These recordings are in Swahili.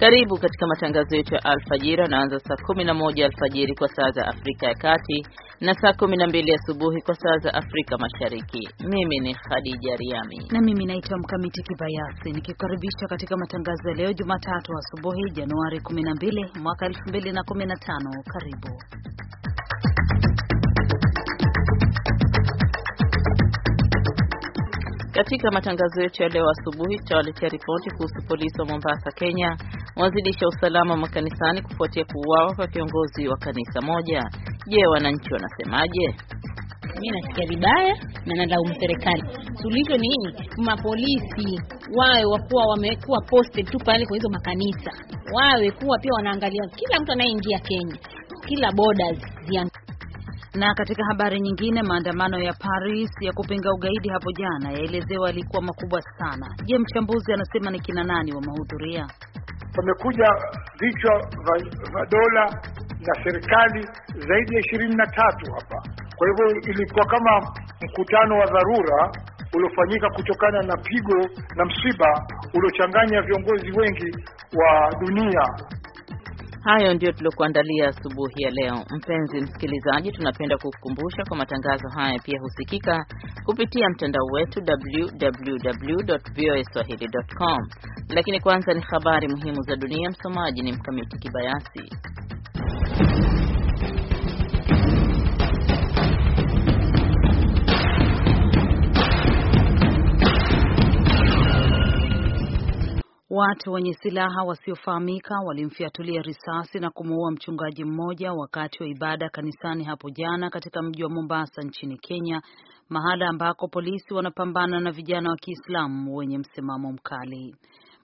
Karibu katika matangazo yetu ya alfajiri anaanza saa 11 alfajiri kwa saa za Afrika ya Kati na saa 12 asubuhi kwa saa za Afrika Mashariki. Mimi ni Khadija Riami na mimi naitwa Mkamiti Kibayasi nikikaribisha katika matangazo ya leo Jumatatu asubuhi Januari 12 mwaka 2015. Karibu Katika matangazo yetu ya leo asubuhi tutawaletea ripoti kuhusu polisi wa Mombasa, Kenya wazidisha usalama makanisani kufuatia kuuawa kwa kiongozi wa kanisa moja. Je, wananchi wanasemaje? Mimi nasikia vibaya na nalaumu serikali. Suluhisho ni nini? Mapolisi wawe wakuwa wamekuwa posted tu pale kwa hizo makanisa, wawe kuwa pia wanaangalia kila mtu anayeingia Kenya, kila borders na katika habari nyingine, maandamano ya Paris ya kupinga ugaidi hapo jana yaelezewa yalikuwa makubwa sana. Je, mchambuzi anasema ni kina nani wamehudhuria? Wamekuja vichwa vya dola na serikali zaidi ya ishirini na tatu hapa. Kwa hivyo ilikuwa kama mkutano wa dharura uliofanyika kutokana na pigo na msiba uliochanganya viongozi wengi wa dunia. Hayo ndiyo tuliokuandalia asubuhi ya leo. Mpenzi msikilizaji, tunapenda kukukumbusha kwa matangazo haya pia husikika kupitia mtandao wetu www.voaswahili.com. Lakini kwanza ni habari muhimu za dunia. Msomaji ni Mkamiti Kibayasi. Watu wenye silaha wasiofahamika walimfiatulia risasi na kumuua mchungaji mmoja wakati wa ibada kanisani hapo jana katika mji wa Mombasa nchini Kenya, mahala ambako polisi wanapambana na vijana wa Kiislamu wenye msimamo mkali.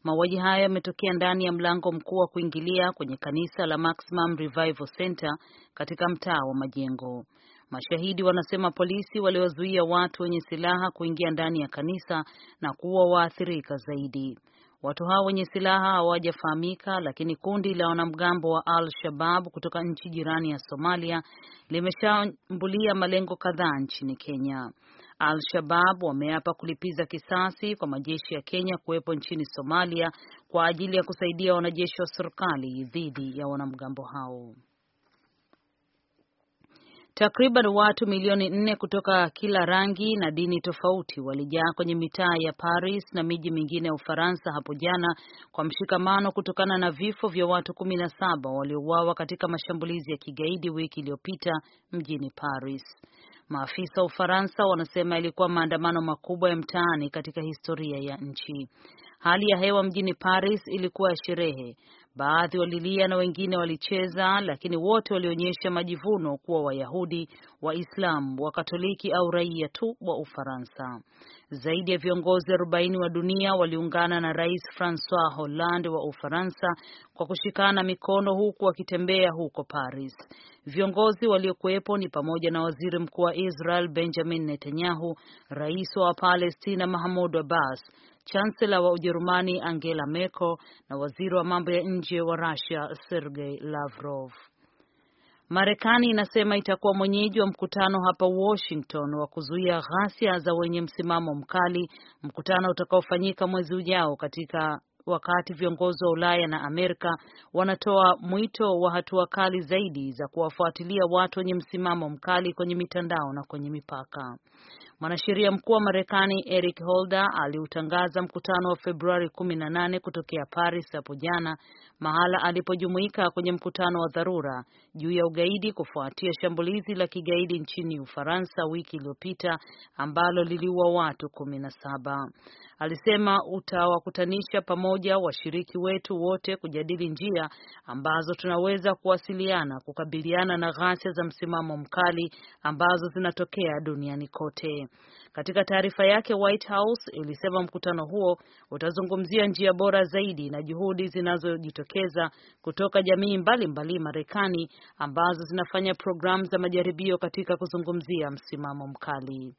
Mauaji hayo yametokea ndani ya mlango mkuu wa kuingilia kwenye kanisa la Maximum Revival Center katika mtaa wa Majengo. Mashahidi wanasema polisi waliwazuia watu wenye silaha kuingia ndani ya kanisa na kuua waathirika zaidi. Watu hao wenye silaha hawajafahamika, lakini kundi la wanamgambo wa Al-Shabab kutoka nchi jirani ya Somalia limeshambulia malengo kadhaa nchini Kenya. Al-Shabab wameapa kulipiza kisasi kwa majeshi ya Kenya kuwepo nchini Somalia kwa ajili ya kusaidia wanajeshi wa serikali dhidi ya wanamgambo hao. Takriban watu milioni nne kutoka kila rangi na dini tofauti walijaa kwenye mitaa ya Paris na miji mingine ya Ufaransa hapo jana kwa mshikamano kutokana na vifo vya watu kumi na saba waliouawa katika mashambulizi ya kigaidi wiki iliyopita mjini Paris. Maafisa wa Ufaransa wanasema ilikuwa maandamano makubwa ya mtaani katika historia ya nchi. Hali ya hewa mjini Paris ilikuwa ya sherehe. Baadhi walilia na wengine walicheza, lakini wote walionyesha majivuno kuwa Wayahudi, Waislamu, Wakatoliki au raia tu wa Ufaransa. Zaidi ya viongozi 40 wa dunia waliungana na Rais Francois Hollande wa Ufaransa kwa kushikana mikono huku wakitembea huko Paris. Viongozi waliokuwepo ni pamoja na Waziri Mkuu wa Israel Benjamin Netanyahu, Rais wa Palestina Mahmoud Abbas, chancela wa Ujerumani Angela Merkel na waziri wa mambo ya nje wa Russia Sergei Lavrov. Marekani inasema itakuwa mwenyeji wa mkutano hapa Washington wa kuzuia ghasia za wenye msimamo mkali, mkutano utakaofanyika mwezi ujao katika wakati viongozi wa Ulaya na Amerika wanatoa mwito wa hatua kali zaidi za kuwafuatilia watu wenye msimamo mkali kwenye mitandao na kwenye mipaka. Mwanasheria mkuu wa Marekani Eric Holder aliutangaza mkutano wa Februari 18 kutokea Paris hapo jana, mahala alipojumuika kwenye mkutano wa dharura juu ya ugaidi kufuatia shambulizi la kigaidi nchini Ufaransa wiki iliyopita ambalo liliua watu 17. Alisema utawakutanisha pamoja washiriki wetu wote kujadili njia ambazo tunaweza kuwasiliana kukabiliana na ghasia za msimamo mkali ambazo zinatokea duniani kote wote. Katika taarifa yake, White House ilisema mkutano huo utazungumzia njia bora zaidi na juhudi zinazojitokeza kutoka jamii mbalimbali Marekani ambazo zinafanya programu za majaribio katika kuzungumzia msimamo mkali.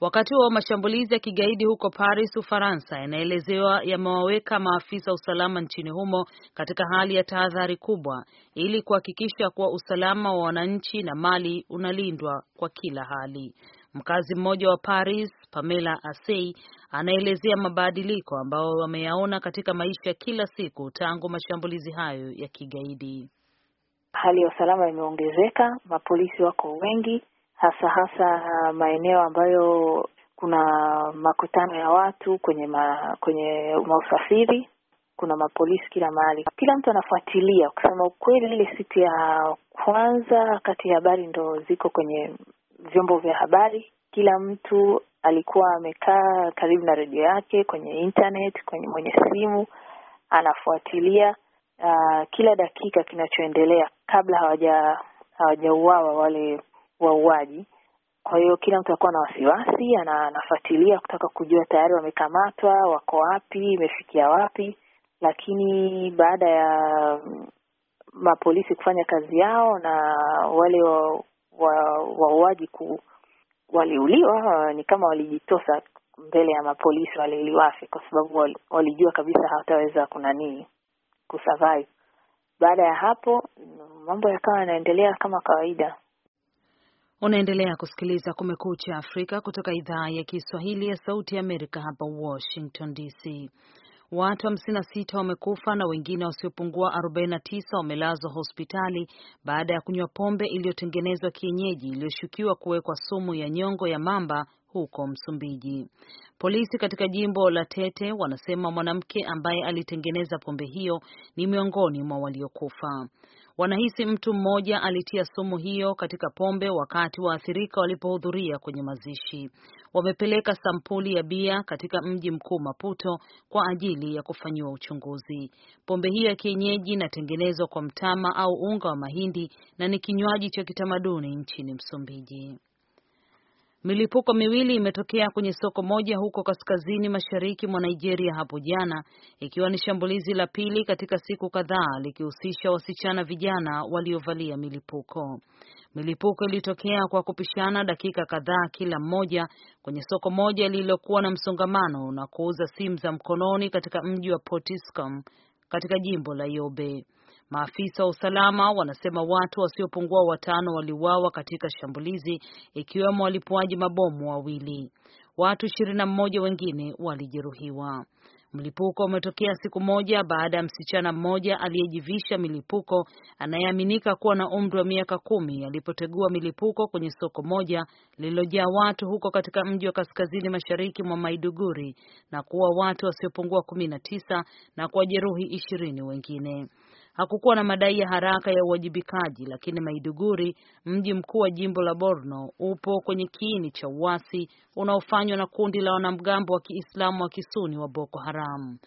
Wakati wa mashambulizi ya kigaidi huko Paris, Ufaransa, yanaelezewa yamewaweka maafisa usalama nchini humo katika hali ya tahadhari kubwa ili kuhakikisha kuwa usalama wa wananchi na mali unalindwa kwa kila hali. Mkazi mmoja wa Paris, Pamela Asei, anaelezea mabadiliko ambayo wameyaona katika maisha kila siku tangu mashambulizi hayo ya kigaidi. Hali ya usalama imeongezeka, mapolisi wako wengi, hasa hasa maeneo ambayo kuna makutano ya watu kwenye ma, kwenye mausafiri kuna mapolisi kila mahali, kila mtu anafuatilia. Kusema ukweli, ile siku ya kwanza kati ya habari ndo ziko kwenye vyombo vya habari, kila mtu alikuwa amekaa karibu na redio yake, kwenye internet, kwenye mwenye simu anafuatilia uh, kila dakika kinachoendelea kabla hawaja hawajauawa wale wauaji. Kwa hiyo kila mtu akuwa na wasiwasi, anafuatilia kutaka kujua tayari wamekamatwa, wako wapi, imefikia wapi. Lakini baada ya mapolisi kufanya kazi yao na wale wauaji wa, wa waliuliwa, ni kama walijitosa mbele ya mapolisi wale kwa sababu walijua kabisa hawataweza kunanii kusurvive. Baada ya hapo mambo yakawa yanaendelea kama kawaida. Unaendelea kusikiliza Kumekucha Afrika kutoka idhaa ya Kiswahili ya Sauti ya Amerika hapa Washington DC. Watu 56 wamekufa na wengine wasiopungua 49 wamelazwa hospitali baada ya kunywa pombe iliyotengenezwa kienyeji iliyoshukiwa kuwekwa sumu ya nyongo ya mamba huko Msumbiji. Polisi katika jimbo la Tete wanasema mwanamke ambaye alitengeneza pombe hiyo ni miongoni mwa waliokufa wanahisi mtu mmoja alitia sumu hiyo katika pombe wakati waathirika walipohudhuria kwenye mazishi. Wamepeleka sampuli ya bia katika mji mkuu Maputo kwa ajili ya kufanyiwa uchunguzi. Pombe hiyo ya kienyeji inatengenezwa kwa mtama au unga wa mahindi na ni kinywaji cha kitamaduni nchini Msumbiji. Milipuko miwili imetokea kwenye soko moja huko kaskazini mashariki mwa Nigeria hapo jana, ikiwa ni shambulizi la pili katika siku kadhaa likihusisha wasichana vijana waliovalia milipuko. Milipuko ilitokea kwa kupishana dakika kadhaa kila mmoja kwenye soko moja lililokuwa na msongamano na kuuza simu za mkononi katika mji wa Potiskum katika jimbo la Yobe. Maafisa wa usalama wanasema watu wasiopungua watano waliuawa katika shambulizi, ikiwemo walipuaji mabomu wawili. Watu ishirini mmoja wengine walijeruhiwa. Mlipuko umetokea siku moja baada ya msichana mmoja aliyejivisha milipuko anayeaminika kuwa na umri wa miaka kumi alipotegua milipuko kwenye soko moja lililojaa watu huko katika mji wa kaskazini mashariki mwa Maiduguri na kuua watu wasiopungua kumi na tisa na kuwajeruhi ishirini wengine. Hakukuwa na madai ya haraka ya uwajibikaji, lakini Maiduguri, mji mkuu wa jimbo la Borno, upo kwenye kiini cha uasi unaofanywa na kundi la wanamgambo wa Kiislamu wa Kisuni wa Boko Haram.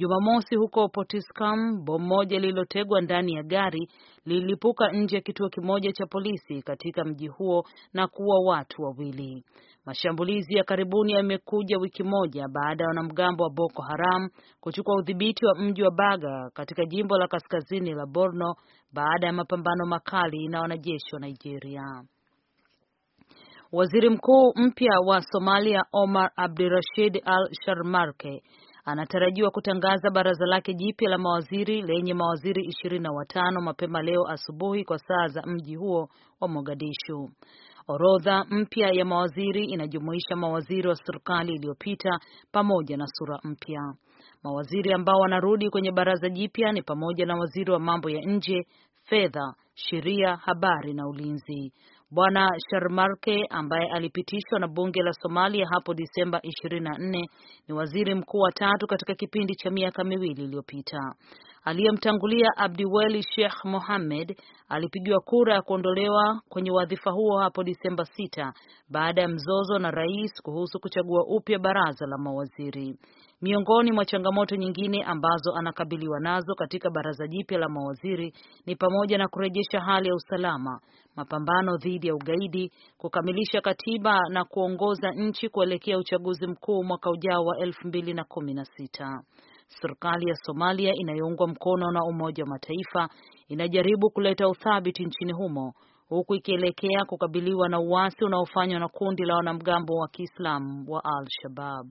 Jumamosi huko Potiskum, bomu moja lililotegwa ndani ya gari lililipuka nje ya kituo kimoja cha polisi katika mji huo na kuua watu wawili. Mashambulizi ya karibuni yamekuja wiki moja baada ya wanamgambo wa Boko Haram kuchukua udhibiti wa mji wa Baga katika jimbo la kaskazini la Borno baada ya mapambano makali na wanajeshi wa Nigeria. Waziri Mkuu mpya wa Somalia Omar Abdirashid Al Sharmarke anatarajiwa kutangaza baraza lake jipya la mawaziri lenye mawaziri ishirini na watano mapema leo asubuhi kwa saa za mji huo wa Mogadishu. Orodha mpya ya mawaziri inajumuisha mawaziri wa serikali iliyopita pamoja na sura mpya. Mawaziri ambao wanarudi kwenye baraza jipya ni pamoja na waziri wa mambo ya nje, fedha, sheria, habari na ulinzi. Bwana Sharmarke ambaye alipitishwa na bunge la Somalia hapo Disemba 24 ni waziri mkuu wa tatu katika kipindi cha miaka miwili iliyopita. Aliyemtangulia Abdiweli Sheikh Mohamed alipigiwa kura ya kuondolewa kwenye wadhifa huo hapo Disemba 6 baada ya mzozo na rais kuhusu kuchagua upya baraza la mawaziri. Miongoni mwa changamoto nyingine ambazo anakabiliwa nazo katika baraza jipya la mawaziri ni pamoja na kurejesha hali ya usalama, mapambano dhidi ya ugaidi, kukamilisha katiba na kuongoza nchi kuelekea uchaguzi mkuu mwaka ujao wa 2016. Serikali ya Somalia inayoungwa mkono na Umoja wa Mataifa inajaribu kuleta uthabiti nchini humo huku ikielekea kukabiliwa na uasi unaofanywa na kundi la wanamgambo wa Kiislamu wa Al-Shabaab.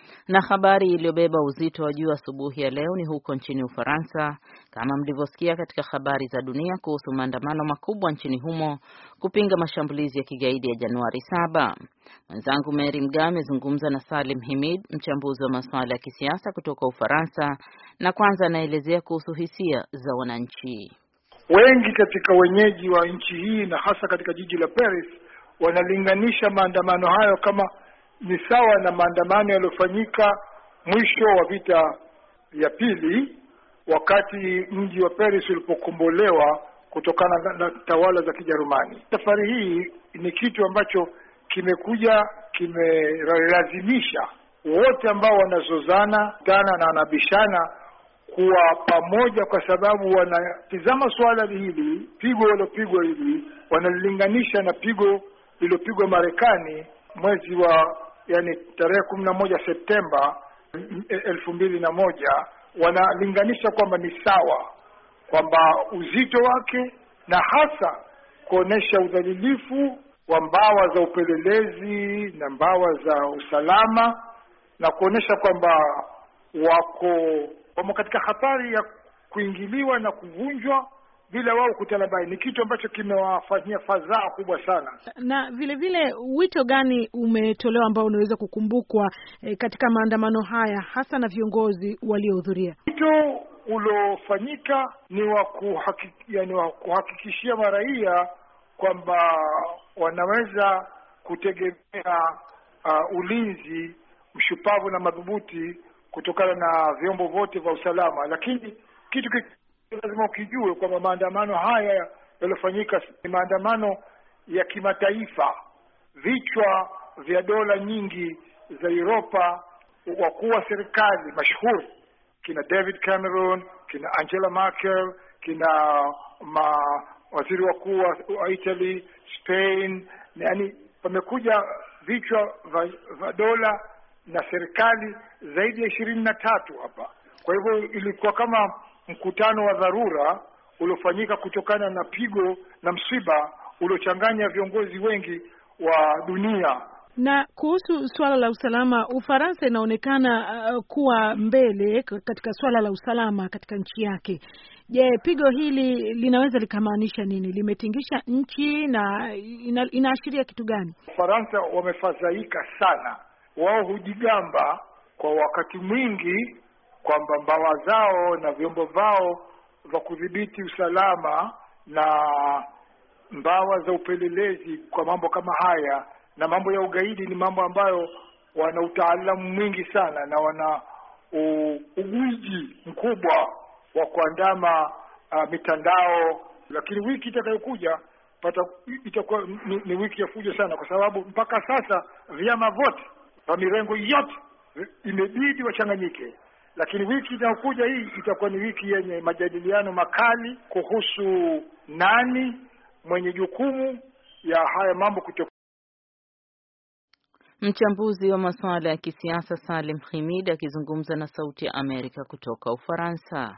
Na habari iliyobeba uzito wa juu asubuhi ya leo ni huko nchini Ufaransa, kama mlivyosikia katika habari za dunia kuhusu maandamano makubwa nchini humo kupinga mashambulizi ya kigaidi ya Januari saba Mwenzangu Mary Mgawe amezungumza na Salim Himid, mchambuzi wa masuala ya kisiasa kutoka Ufaransa, na kwanza anaelezea kuhusu hisia za wananchi wengi katika wenyeji wa nchi hii na hasa katika jiji la Paris wanalinganisha maandamano hayo kama ni sawa na maandamano yaliyofanyika mwisho wa vita ya pili, wakati mji wa Paris ulipokombolewa kutokana na tawala za Kijerumani. Safari hii ni kitu ambacho kimekuja kimelazimisha wote ambao wanazozana tana na wanabishana kuwa pamoja, kwa sababu wanatizama suala hili, pigo walopigwa hili wanalilinganisha na pigo lililopigwa Marekani mwezi wa yani tarehe kumi na moja Septemba e, elfu mbili na moja wanalinganisha kwamba ni sawa, kwamba uzito wake na hasa kuonesha udhalilifu wa mbawa za upelelezi na mbawa za usalama na kuonesha kwamba wako wamo katika hatari ya kuingiliwa na kuvunjwa bila wao baye Ni kitu ambacho kimewafanyia fadhaa kubwa sana. Na vile vile, wito gani umetolewa ambao unaweza kukumbukwa e, katika maandamano haya hasa na viongozi waliohudhuria? Wito uliofanyika ni wa kuhaki, yani wa kuhakikishia maraia kwamba wanaweza kutegemea uh, ulinzi mshupavu na madhubuti kutokana na vyombo vyote vya usalama, lakini kitu lazima ukijue kwamba maandamano haya yaliyofanyika ni maandamano ya kimataifa. Vichwa vya dola nyingi za Uropa, wakuu wa serikali mashuhuri kina David Cameron, kina Angela Merkel, kina waziri wakuu wa Italy, Spain, yaani pamekuja vichwa vya dola na serikali zaidi ya ishirini na tatu hapa. Kwa hivyo ilikuwa kama mkutano wa dharura uliofanyika kutokana na pigo na msiba uliochanganya viongozi wengi wa dunia. Na kuhusu suala la usalama, Ufaransa inaonekana uh, kuwa mbele katika suala la usalama katika nchi yake. Je, pigo hili linaweza likamaanisha nini? Limetingisha nchi na ina, inaashiria kitu gani? Ufaransa wamefadhaika sana, wao hujigamba kwa wakati mwingi kwamba mbawa zao na vyombo vao vya kudhibiti usalama na mbawa za upelelezi kwa mambo kama haya na mambo ya ugaidi ni mambo ambayo wana utaalamu mwingi sana na wana ugwiji mkubwa wa kuandama uh, mitandao. Lakini wiki itakayokuja pata itakuwa ni, ni wiki ya fujo sana, kwa sababu mpaka sasa vyama vyote vya mirengo yote imebidi wachanganyike. Lakini wiki inayokuja hii itakuwa ni wiki yenye majadiliano makali kuhusu nani mwenye jukumu ya haya mambo kuto Mchambuzi wa masuala ya kisiasa Salim Khimid akizungumza na Sauti ya Amerika kutoka Ufaransa.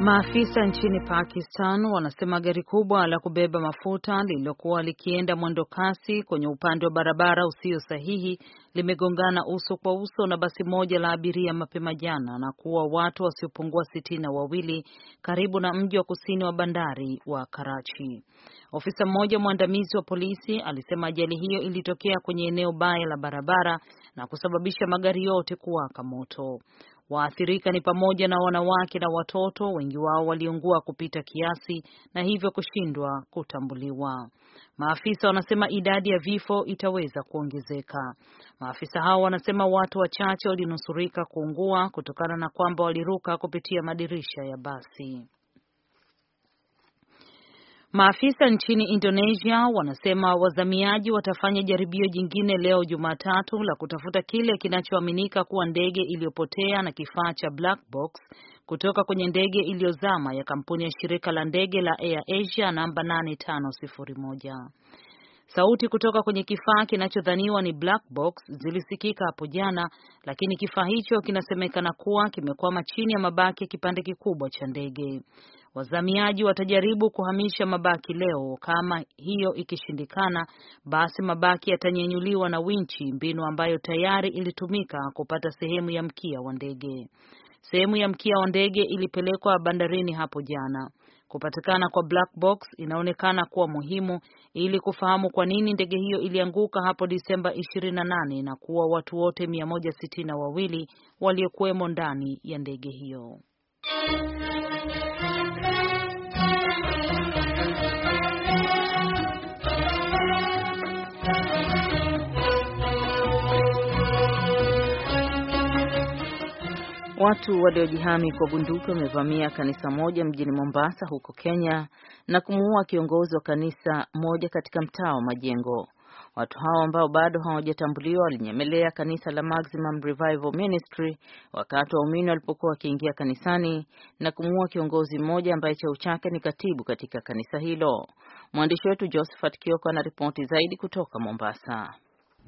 Maafisa nchini Pakistan wanasema gari kubwa la kubeba mafuta lililokuwa likienda mwendo kasi kwenye upande wa barabara usio sahihi limegongana uso kwa uso na basi moja la abiria mapema jana na kuua watu wasiopungua sitini na wawili karibu na mji wa kusini wa bandari wa Karachi. Ofisa mmoja mwandamizi wa polisi alisema ajali hiyo ilitokea kwenye eneo baya la barabara na kusababisha magari yote kuwaka moto. Waathirika ni pamoja na wanawake na watoto, wengi wao waliungua kupita kiasi na hivyo kushindwa kutambuliwa. Maafisa wanasema idadi ya vifo itaweza kuongezeka. Maafisa hao wanasema watu wachache walinusurika kuungua kutokana na kwamba waliruka kupitia madirisha ya basi. Maafisa nchini Indonesia wanasema wazamiaji watafanya jaribio jingine leo Jumatatu la kutafuta kile kinachoaminika kuwa ndege iliyopotea na kifaa cha black box kutoka kwenye ndege iliyozama ya kampuni ya shirika la ndege la Air Asia namba 8501. Sauti kutoka kwenye kifaa kinachodhaniwa ni black box zilisikika hapo jana, lakini kifaa hicho kinasemekana kuwa kimekwama chini ya mabaki ya kipande kikubwa cha ndege. Wazamiaji watajaribu kuhamisha mabaki leo. Kama hiyo ikishindikana, basi mabaki yatanyenyuliwa na winchi, mbinu ambayo tayari ilitumika kupata sehemu ya mkia wa ndege. Sehemu ya mkia wa ndege ilipelekwa bandarini hapo jana. Kupatikana kwa black box inaonekana kuwa muhimu ili kufahamu kwa nini ndege hiyo ilianguka hapo Disemba 28 na kuwa watu wote 162 waliokuwemo ndani ya ndege hiyo. Watu waliojihami kwa bunduki wamevamia kanisa moja mjini Mombasa huko Kenya na kumuua kiongozi wa kanisa moja katika mtaa wa Majengo. Watu hao ambao bado hawajatambuliwa walinyemelea kanisa la Maximum Revival Ministry wakati waumini walipokuwa wakiingia kanisani na kumuua kiongozi mmoja ambaye cheo chake ni katibu katika kanisa hilo. Mwandishi wetu Josephat Kioko ripoti zaidi kutoka Mombasa.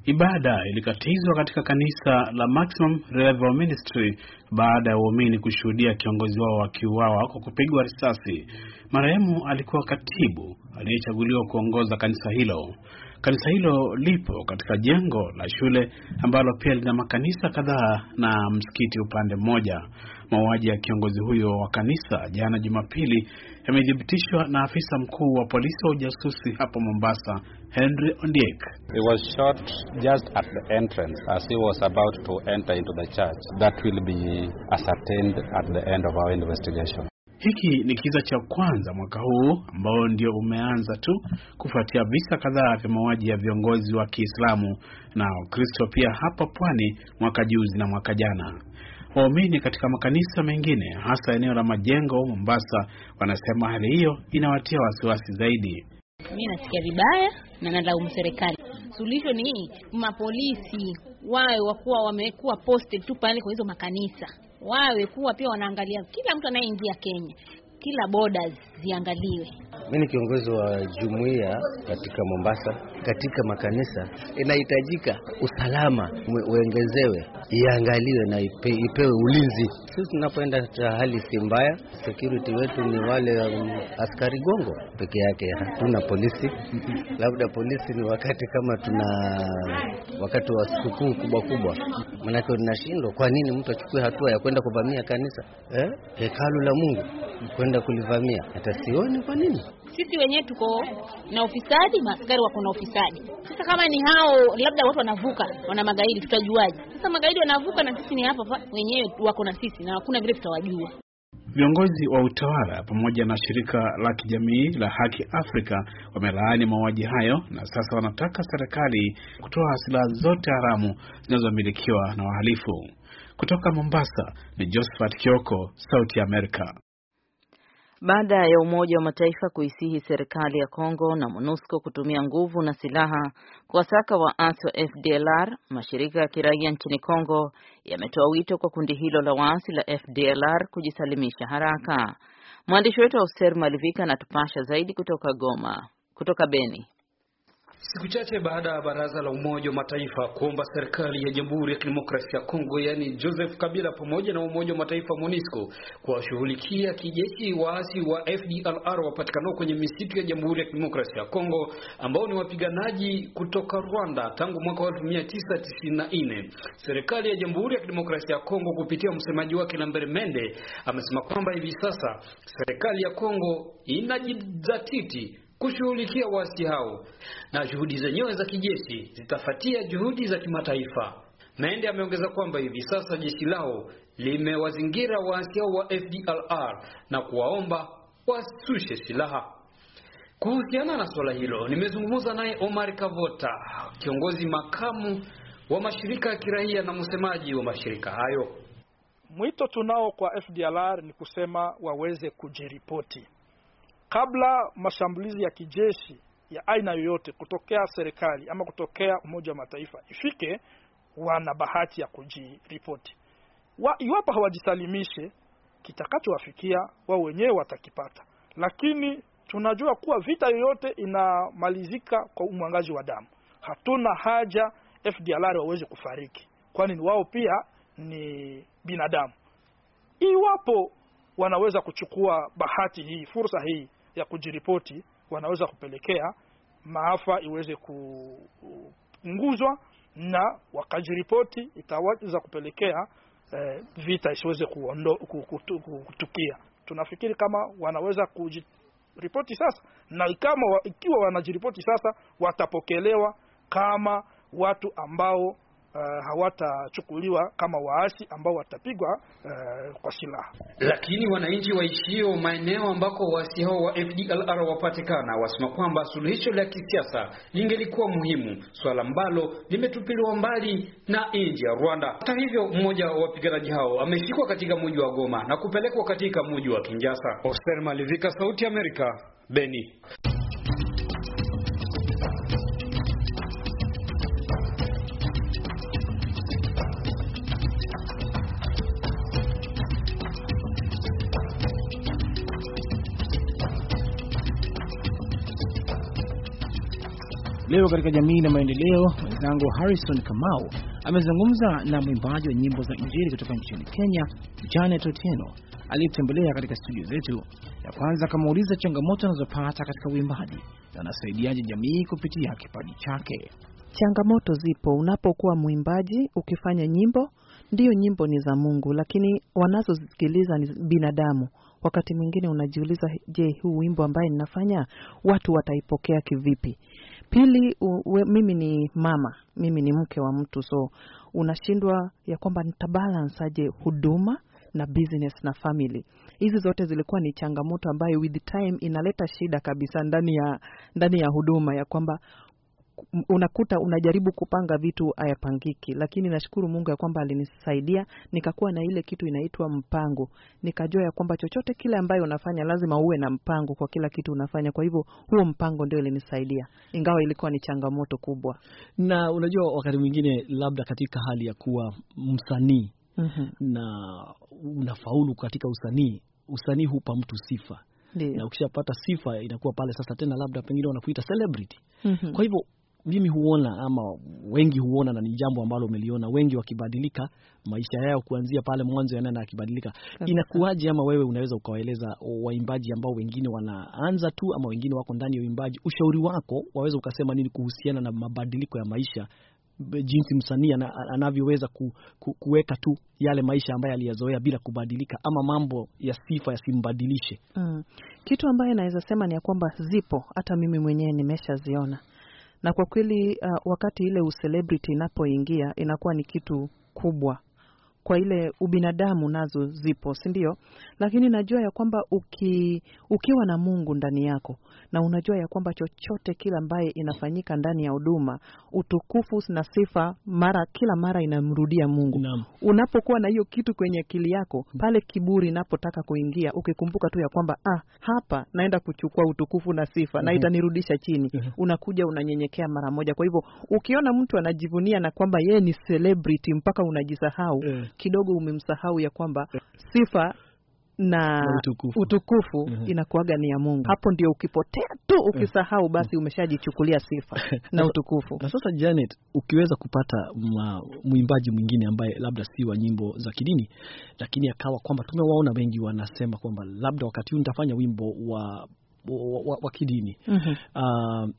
Ibada ilikatizwa katika kanisa la Maximum Revival Ministry baada ya waumini kushuhudia kiongozi wao wakiuawa kwa kupigwa risasi. Marehemu alikuwa katibu aliyechaguliwa kuongoza kanisa hilo. Kanisa hilo lipo katika jengo la shule ambalo pia lina makanisa kadhaa na msikiti upande mmoja. Mauaji ya kiongozi huyo wa kanisa jana Jumapili yamethibitishwa na afisa mkuu wa polisi wa ujasusi hapo Mombasa, Henry Ondiek. He was shot just at the entrance as he was about to enter into the church. That will be ascertained at the end of our investigation. Hiki ni kisa cha kwanza mwaka huu ambao ndio umeanza tu kufuatia visa kadhaa vya mauaji ya viongozi wa Kiislamu na Wakristo pia hapa pwani mwaka juzi na mwaka jana. Waumini katika makanisa mengine hasa eneo la Majengo, Mombasa, wanasema hali hiyo inawatia wasiwasi zaidi. Mimi nasikia vibaya na nalaumu serikali suluhisho ni mapolisi wawe wakuwa wamekuwa posted tu pale kwa hizo makanisa, wawe kuwa pia wanaangalia kila mtu anayeingia Kenya, kila borders ziangaliwe. Mimi ni kiongozi wa jumuiya katika Mombasa. Katika makanisa inahitajika usalama uongezewe, iangaliwe na ipe, ipewe ulinzi. Sisi tunapoenda hali si mbaya, security wetu ni wale um, askari gongo peke yake, hatuna polisi labda polisi ni wakati kama tuna wakati wa sikukuu kubwa kubwa, manake tunashindwa. Kwa nini mtu achukue hatua ya kwenda kuvamia kanisa eh? hekalu la Mungu kwenda kulivamia sasa sioni kwa nini sisi wenyewe tuko na ufisadi, maaskari wako na ufisadi. Sasa kama ni hao, labda watu wanavuka, wana magaidi, tutajuaje? Sasa magaidi wanavuka na sisi ni hapa wenyewe, wako na sisi na hakuna vile tutawajua. Viongozi wa utawala pamoja na shirika la kijamii la Haki Afrika wamelaani mauaji hayo na sasa wanataka serikali kutoa silaha zote haramu zinazomilikiwa na wahalifu. Kutoka Mombasa ni Josephat Kioko, Sauti ya Amerika baada ya Umoja wa Mataifa kuisihi serikali ya Kongo na MONUSCO kutumia nguvu na silaha kuwasaka waasi wa FDLR. Mashirika ya kiraia nchini Kongo yametoa wito kwa kundi hilo la waasi la FDLR kujisalimisha haraka. Mwandishi wetu wa Malivika anatupasha zaidi kutoka Goma, kutoka Beni. Siku chache baada ya baraza la Umoja wa Mataifa kuomba serikali ya Jamhuri ya Kidemokrasia ya Kongo yaani Joseph Kabila pamoja na Umoja wa Mataifa MONUSCO kuwashughulikia kijeshi waasi wa FDLR wapatikanao kwenye misitu ya Jamhuri ya Kidemokrasia ya Kongo ambao ni wapiganaji kutoka Rwanda tangu mwaka wa 1994, serikali ya Jamhuri ya Kidemokrasia ya Kongo kupitia msemaji wake Lambert Mende amesema kwamba hivi sasa serikali ya Kongo inajizatiti kushughulikia waasi hao, na juhudi zenyewe za kijeshi zitafuatia juhudi za kimataifa. Mende ameongeza kwamba hivi sasa jeshi lao limewazingira waasi hao wa FDLR na kuwaomba wasushe silaha. Kuhusiana na suala hilo, nimezungumza naye Omar Kavota, kiongozi makamu wa mashirika ya kiraia na msemaji wa mashirika hayo. Mwito tunao kwa FDLR ni kusema waweze kujiripoti kabla mashambulizi ya kijeshi ya aina yoyote kutokea serikali ama kutokea Umoja wa Mataifa ifike, wana bahati ya kujiripoti. Wa, iwapo hawajisalimishe, kitakachowafikia wao wenyewe watakipata, lakini tunajua kuwa vita yoyote inamalizika kwa umwangaji wa damu. Hatuna haja FDLR waweze kufariki, kwani wao pia ni binadamu. Iwapo wanaweza kuchukua bahati hii, fursa hii ya kujiripoti wanaweza kupelekea maafa iweze kupunguzwa na wakajiripoti itaweza kupelekea eh, vita isiweze kutukia. Tunafikiri kama wanaweza kujiripoti sasa, na kama ikiwa wanajiripoti sasa watapokelewa kama watu ambao Eh, hawatachukuliwa kama waasi ambao watapigwa uh, kwa silaha. Lakini wananchi waishio maeneo ambako waasi hao wa FDLR wapatikana wasema kwamba suluhisho la kisiasa lingelikuwa muhimu, swala ambalo limetupiliwa mbali na nchi ya Rwanda. Hata hivyo, mmoja wa wapiganaji hao ameshikwa katika mji wa Goma na kupelekwa katika mji wa Kinshasa. Oster Malivika, Sauti ya Amerika, Beni. Leo katika jamii na maendeleo, mwenzangu Harrison Kamau amezungumza na mwimbaji wa nyimbo za injili kutoka nchini Kenya, Janet Otieno aliyetembelea katika studio zetu, na kwanza akamuuliza changamoto anazopata katika uimbaji na anasaidiaje jamii kupitia kipaji chake. Changamoto zipo unapokuwa mwimbaji, ukifanya nyimbo, ndiyo nyimbo ni za Mungu, lakini wanazosikiliza ni binadamu. Wakati mwingine unajiuliza, je, huu wimbo ambaye ninafanya watu wataipokea kivipi? Pili, uwe, mimi ni mama, mimi ni mke wa mtu, so unashindwa ya kwamba nitabalansaje aje huduma na business na family. Hizi zote zilikuwa ni changamoto ambayo with time inaleta shida kabisa ndani ya ndani ya huduma ya kwamba unakuta unajaribu kupanga vitu ayapangiki lakini nashukuru Mungu ya kwamba alinisaidia nikakuwa na ile kitu inaitwa mpango. Nikajua ya kwamba chochote kile ambayo unafanya lazima uwe na mpango kwa kila kitu unafanya. Kwa hivyo huo mpango ndio ilinisaidia, ingawa ilikuwa ni changamoto kubwa. Na unajua wakati mwingine labda katika hali ya kuwa msanii mm -hmm. na unafaulu katika usanii, usanii hupa mtu sifa Deo. na ukishapata sifa inakuwa pale sasa tena labda pengine wanakuita celebrity. Mm -hmm. Kwa hivyo mimi huona ama wengi huona, na ni jambo ambalo umeliona, wengi wakibadilika maisha yao kuanzia pale mwanzo yanaenda yakibadilika. Inakuwaje ama wewe unaweza ukawaeleza waimbaji ambao wengine wanaanza tu ama wengine wako ndani ya uimbaji, ushauri wako waweza ukasema nini kuhusiana na mabadiliko ya maisha, jinsi msanii anavyoweza ku, ku, kuweka tu yale maisha ambayo aliyazoea bila kubadilika, ama mambo ya sifa yasimbadilishe? Mm. Kitu ambayo naweza sema ni ya kwamba zipo, hata mimi mwenyewe nimeshaziona na kwa kweli uh, wakati ile ucelebrity inapoingia inakuwa ni kitu kubwa kwa ile ubinadamu nazo zipo, si ndio? Lakini najua ya kwamba uki, ukiwa na Mungu ndani yako na unajua ya kwamba chochote kila ambaye inafanyika ndani ya huduma, utukufu na sifa mara kila mara inamrudia Mungu. Naam. Unapokuwa na hiyo kitu kwenye akili yako, pale kiburi inapotaka kuingia, ukikumbuka tu ya kwamba ah, hapa naenda kuchukua utukufu na sifa mm -hmm. na mhm. itanirudisha chini mm -hmm. unakuja unanyenyekea mara moja. Kwa hivyo ukiona mtu anajivunia na kwamba yeye ni celebrity mpaka unajisahau mm kidogo umemsahau ya kwamba sifa na utukufu, utukufu mm -hmm. inakuaga ni ya Mungu. Mhm. Hapo ndio ukipotea tu mhm. ukisahau, basi mhm. umeshajichukulia sifa na utukufu. Na sasa, Janet, ukiweza kupata mwimbaji mwingine ambaye labda si wa nyimbo za kidini, lakini akawa kwamba tumewaona wengi wanasema kwamba labda wakati huu nitafanya wimbo wa wa, wa, wa kidini mm -hmm. uh,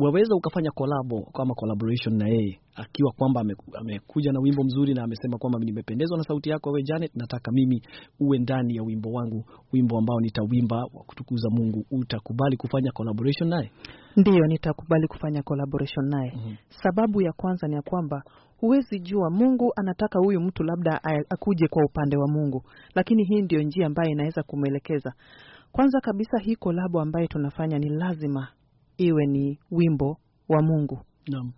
waweza ukafanya kolabo kama collaboration na yeye, akiwa kwamba amekuja na wimbo mzuri na amesema kwamba nimependezwa na sauti yako wewe Janet, nataka mimi uwe ndani ya wimbo wangu, wimbo ambao nitawimba wa kutukuza Mungu. Utakubali kufanya collaboration naye? Ndiyo, nitakubali kufanya collaboration naye. mm -hmm. Sababu ya kwanza ni ya kwamba huwezi jua Mungu anataka huyu mtu labda akuje kwa upande wa Mungu, lakini hii ndio njia ambayo inaweza kumwelekeza. Kwanza kabisa, hii kolabo ambayo tunafanya ni lazima iwe ni wimbo wa Mungu. Naam.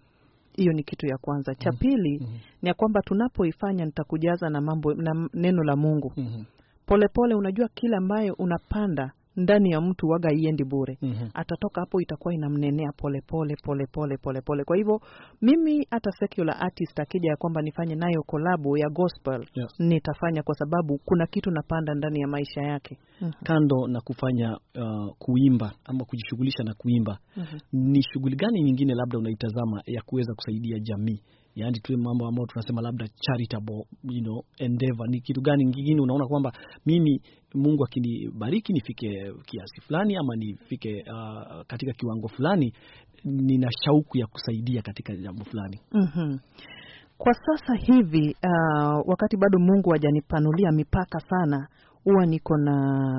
Hiyo ni kitu ya kwanza. Cha mhm. pili mm -hmm. ni ya kwamba tunapoifanya nitakujaza na mambo na neno la Mungu mm -hmm. Polepole, unajua kila ambayo unapanda ndani ya mtu waga iendi bure. mm -hmm. Atatoka hapo, itakuwa inamnenea polepole pole pole. Kwa hivyo mimi hata secular artist akija ya kwamba nifanye nayo kolabo ya gospel yes. nitafanya kwa sababu kuna kitu napanda ndani ya maisha yake. Mhm. mm -hmm. Kando na kufanya uh, kuimba ama kujishughulisha na kuimba, mm -hmm. ni shughuli gani nyingine labda unaitazama ya kuweza kusaidia jamii yani tu mambo ambayo tunasema labda charitable you know, endeavor. Ni kitu gani kingine unaona kwamba mimi Mungu akinibariki nifike kiasi fulani ama nifike uh, katika kiwango fulani, nina shauku ya kusaidia katika jambo fulani mm -hmm. Kwa sasa hivi uh, wakati bado Mungu hajanipanulia mipaka sana, huwa niko na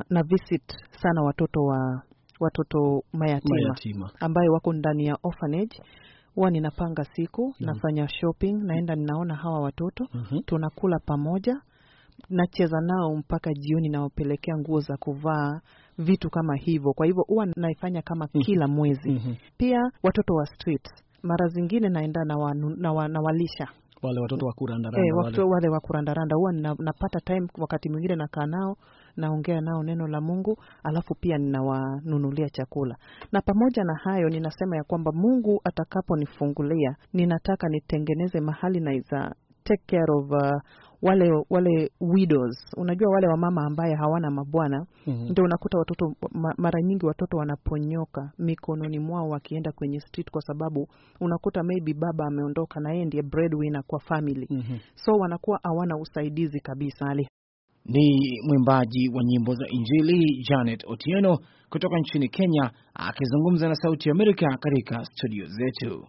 na visit sana watoto wa watoto mayatima, mayatima ambayo wako ndani ya orphanage huwa ninapanga siku mm -hmm. nafanya shopping, naenda ninaona hawa watoto mm -hmm. tunakula pamoja, nacheza nao mpaka jioni, nawapelekea nguo za kuvaa vitu kama hivyo. Kwa hivyo huwa naifanya kama mm -hmm. kila mwezi mm -hmm. pia watoto wa street mara zingine naenda nawalisha wale watoto wa kurandaranda, eh, wale wa kurandaranda huwa napata time wakati mwingine nakaa nao naongea nao neno la Mungu, alafu pia ninawanunulia chakula. Na pamoja na hayo, ninasema ya kwamba Mungu atakaponifungulia, ninataka nitengeneze mahali iza take care of uh, wale wale widows, unajua wale wamama ambaye hawana mabwana mm -hmm. Ndio unakuta watoto ma, mara nyingi watoto wanaponyoka mikononi mwao wakienda kwenye street, kwa sababu unakuta maybe baba ameondoka na yeye ndiye breadwinner kwa family mm -hmm. So wanakuwa hawana usaidizi kabisa ali ni mwimbaji wa nyimbo za Injili Janet Otieno kutoka nchini Kenya akizungumza na Sauti Amerika katika studio zetu.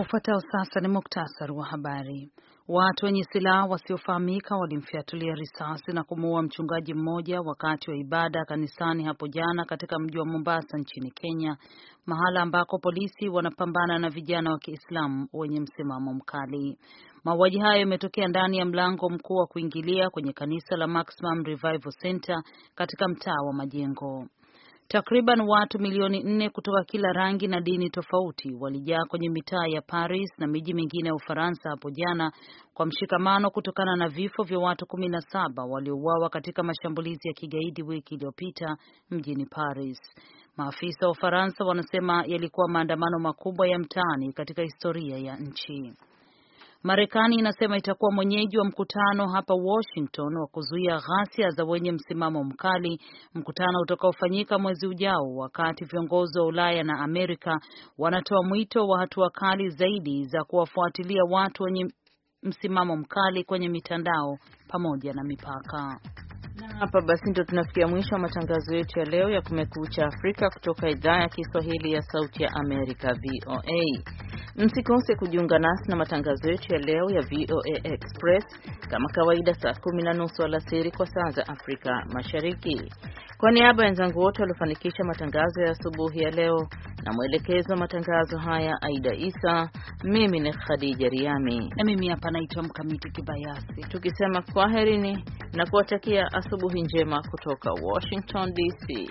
Ufuatao sasa ni muktasari wa habari. Watu wenye silaha wasiofahamika walimfyatulia risasi na kumuua mchungaji mmoja wakati wa ibada kanisani hapo jana katika mji wa Mombasa nchini Kenya, mahala ambako polisi wanapambana na vijana wa Kiislamu wenye msimamo mkali. Mauaji hayo yametokea ndani ya mlango mkuu wa kuingilia kwenye kanisa la Maximum Revival Center katika mtaa wa Majengo. Takriban watu milioni nne kutoka kila rangi na dini tofauti walijaa kwenye mitaa ya Paris na miji mingine ya Ufaransa hapo jana kwa mshikamano kutokana na vifo vya watu saba waliouawa katika mashambulizi ya kigaidi wiki iliyopita mjini Paris. Maafisa wa Ufaransa wanasema yalikuwa maandamano makubwa ya mtaani katika historia ya nchi. Marekani inasema itakuwa mwenyeji wa mkutano hapa Washington wa kuzuia ghasia za wenye msimamo mkali, mkutano utakaofanyika mwezi ujao, wakati viongozi wa Ulaya na Amerika wanatoa mwito wa hatua kali zaidi za kuwafuatilia watu wenye msimamo mkali kwenye mitandao pamoja na mipaka. Na hapa basi ndo tunafikia mwisho wa matangazo yetu ya leo ya Kumekucha Afrika kutoka idhaa ya Kiswahili ya Sauti ya Amerika, VOA. Msikose kujiunga nasi na matangazo yetu ya leo ya VOA Express kama kawaida, saa kumi na nusu alasiri kwa saa za Afrika Mashariki. Kwa niaba ya wenzangu wote waliofanikisha matangazo ya asubuhi ya leo na mwelekezo wa matangazo haya Aida Isa, mimi ni Khadija Riami na mimi hapa naitwa Mkamiti Kibayasi, tukisema kwaherini na kuwatakia asubuhi njema kutoka Washington DC.